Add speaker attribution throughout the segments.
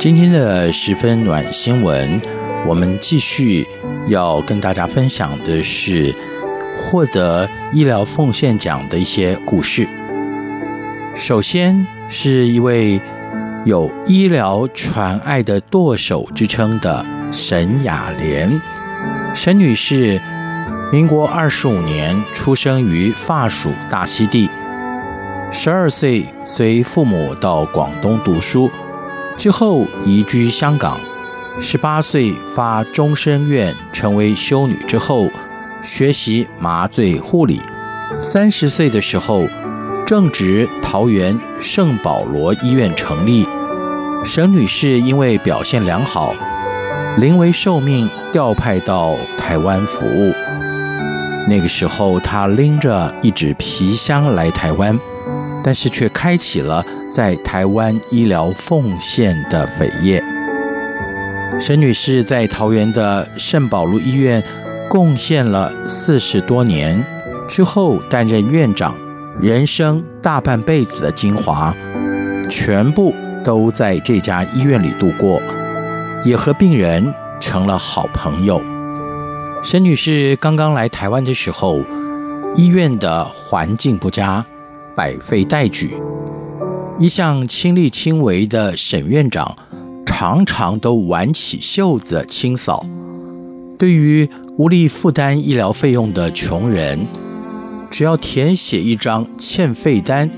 Speaker 1: 今天的十分暖新聞，我們繼續要跟大家分享的是獲得醫療奉獻獎的一些故事。首先是一位有“醫療傳愛的舵手”之稱的沈雅蓮。沈女士，民國二十五年出生於法屬大溪地，十二歲隨父母到廣東讀書。之後移居香港，十八歲發終身願成為修女之後，學習麻醉護理。三十歲的時候，正值桃園聖保羅醫院成立，沈女士因為表現良好，臨危受命調派到台灣服務。那個時候，她拎着一紙皮箱來台灣。但是卻開啟了在台灣醫療奉獻的扉頁。沈女士在桃園的聖保祿醫院貢獻了四十多年，之後擔任院長，人生大半輩子的精華全部都在這家醫院裡度過，也和病人成了好朋友。沈女士剛剛來台灣的時候，醫院的環境不佳。百廢待舉，一向親力親為的沈院長，常常都挽起袖子清掃。對於無力負擔醫療費用的窮人，只要填寫一張欠費單，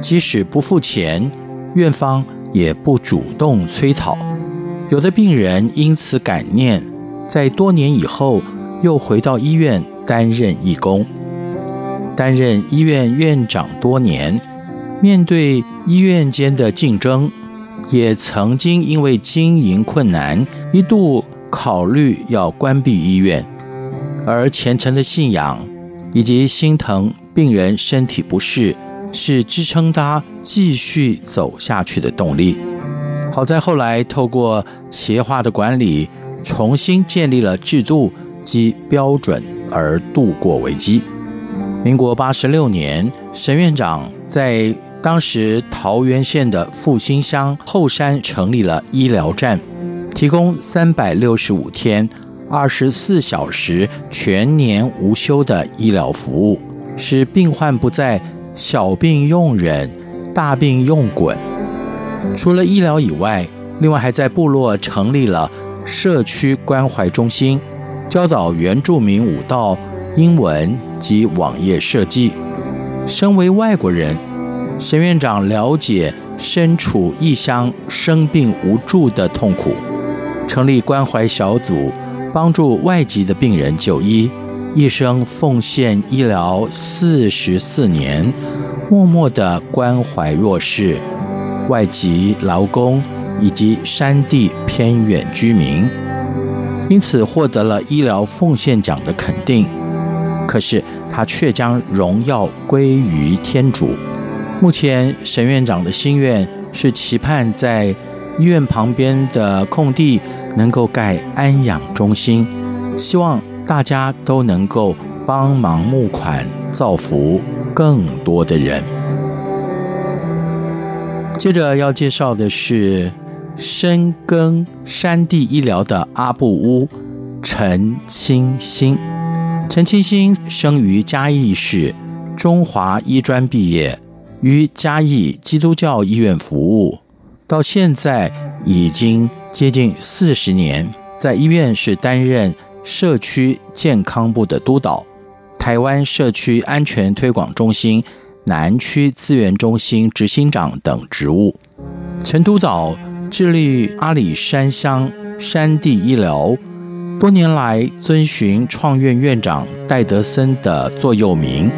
Speaker 1: 即使不付錢，院方也不主動催討。有的病人因此感念，在多年以後又回到醫院擔任義工。擔任醫院院長多年，面對醫院間的競爭，也曾經因為經營困難一度考慮要關閉醫院。而虔誠的信仰以及心疼病人身體不適，是支撐他繼續走下去的動力。好在後來透過企業化的管理，重新建立了制度及標準，而度過危機。民國八十六年，沈院長在當時桃源縣的復興鄉後山成立了醫療站，提供三百六十五天、二十四小時全年無休的醫療服務，使病患不再小病用忍，大病用滾。除了醫療以外，另外還在部落成立了社區關懷中心，教導原住民武道。英文及網頁設計。身為外國人，沈院長了解身處異鄉生病無助的痛苦，成立關懷小組，幫助外籍的病人就醫。一生奉獻醫療四十四年，默默地關懷弱勢、外籍勞工以及山地偏遠居民，因此獲得了醫療奉獻獎的肯定。可是他卻將榮耀歸於天主。目前沈院長的心願是期盼在醫院旁邊的空地能夠蓋安養中心，希望大家都能夠幫忙募款，造福更多的人。接着要介紹的是深耕山地醫療的阿布屋陳清新。陳清新生於嘉義市，中華醫專畢業，於嘉義基督教醫院服務，到現在已經接近四十年。在醫院是擔任社區健康部的督導，台灣社區安全推廣中心南區資源中心執行長等職務。陳督導致力阿里山鄉山地醫療。多年來，遵循創院院長戴德森的座右銘：“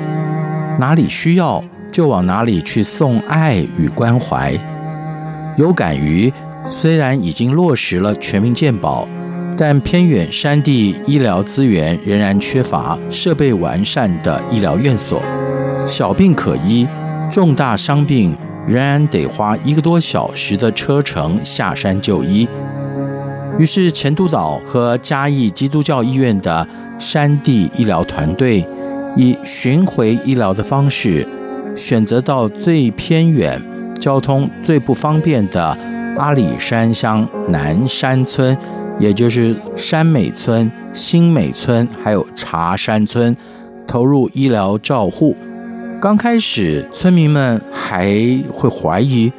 Speaker 1: 哪裡需要就往哪裡去送愛與關懷。”有感於雖然已經落實了全民健保，但偏遠山地醫療資源仍然缺乏設備完善的醫療院所，小病可醫，重大傷病仍然得花一個多小時的車程下山就醫。於是，前督導和嘉義基督教醫院的山地醫療團隊，以巡迴醫療的方式，選擇到最偏遠、交通最不方便的阿里山鄉南山村，也就是山美村、新美村，還有茶山村，投入醫療照護。剛開始，村民們還會懷疑，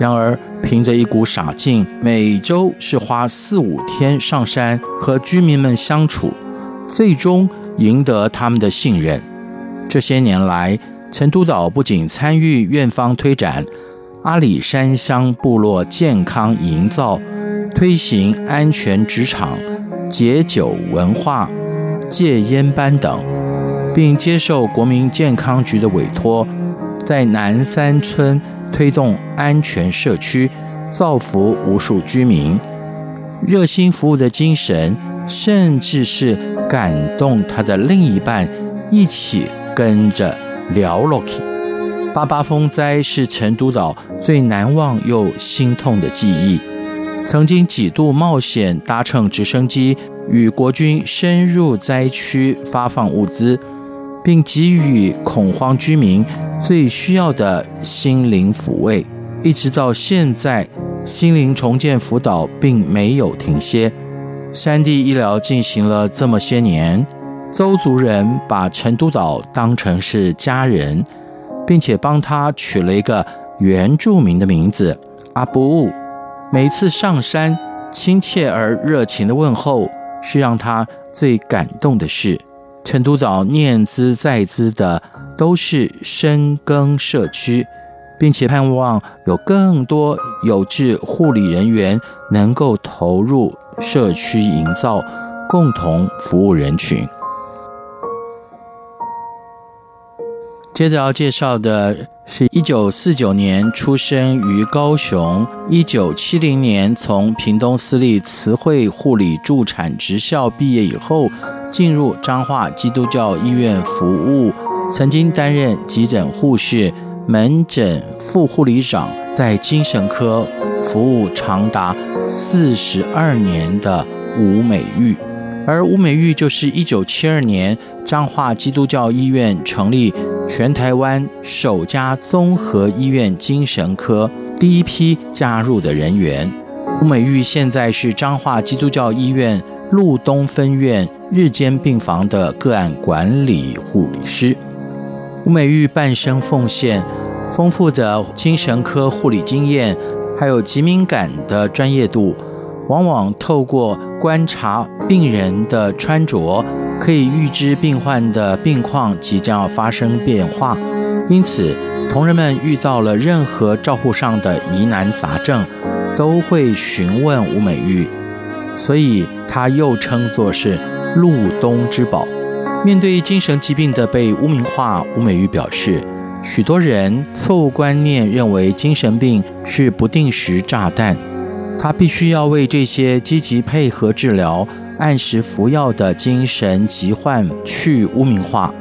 Speaker 1: 然而。憑着一股傻勁，每周是花四五天上山和居民們相處，最終贏得他們的信任。這些年來，陳督導不僅參與院方推展阿里山鄉部落健康營造，推行安全職場、戒酒文化、戒菸班等，並接受國民健康局的委托，在南三村。推動安全社區，造福無數居民，熱心服務的精神，甚至是感動他的另一半，一起跟着聊聊。八八風災是陳督導最難忘又心痛的記憶，曾經幾度冒險搭乘直升機，與國軍深入災區發放物資，並給予恐慌居民。最需要的心靈撫慰，一直到現在，心靈重建輔導並沒有停歇。山地醫療進行了這麼些年，鄒族人把陳都島當成是家人，並且幫他取了一個原住民的名字阿布悟。每次上山，親切而熱情的問候是讓他最感動的事。陳都島念茲在茲的，都是深耕社區，並且盼望有更多有志護理人員能夠投入社區營造，共同服務人群。接着要介紹的是一九四九年出生於高雄，一九七零年從屏東私立慈惠護理助產職校畢業以後，進入彰化基督教醫院服務。曾經擔任急診護士、門診副護理長，在精神科服務長達四十二年的吳美玉，而吳美玉就是一九七二年彰化基督教醫院成立全台灣首家綜合醫院精神科第一批加入的人員。吳美玉現在是彰化基督教醫院鹿東分院日間病房的個案管理護理師。吳美玉半生奉獻，豐富的精神科護理經驗，還有極敏感的專業度，往往透過觀察病人的穿着，可以預知病患的病況即將要發生變化。因此，同仁們遇到了任何照護上的疑難雜症，都會詢問吳美玉，所以她又稱作是“陸東之寶”。面對精神疾病的被污名化，吳美玉表示，許多人錯誤觀念認為精神病是不定時炸彈。他必須要為這些積極配合治療、按時服藥的精神疾患去污名化。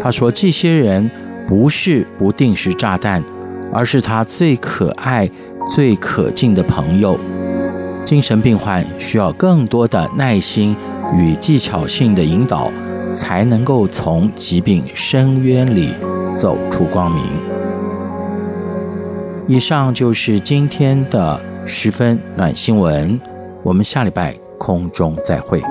Speaker 1: 他說，這些人不是不定時炸彈，而是他最可愛、最可敬的朋友。精神病患需要更多的耐心與技巧性的引導。才能夠從疾病深淵裡走出光明。以上就是今天的十分暖新聞，我們下禮拜空中再會。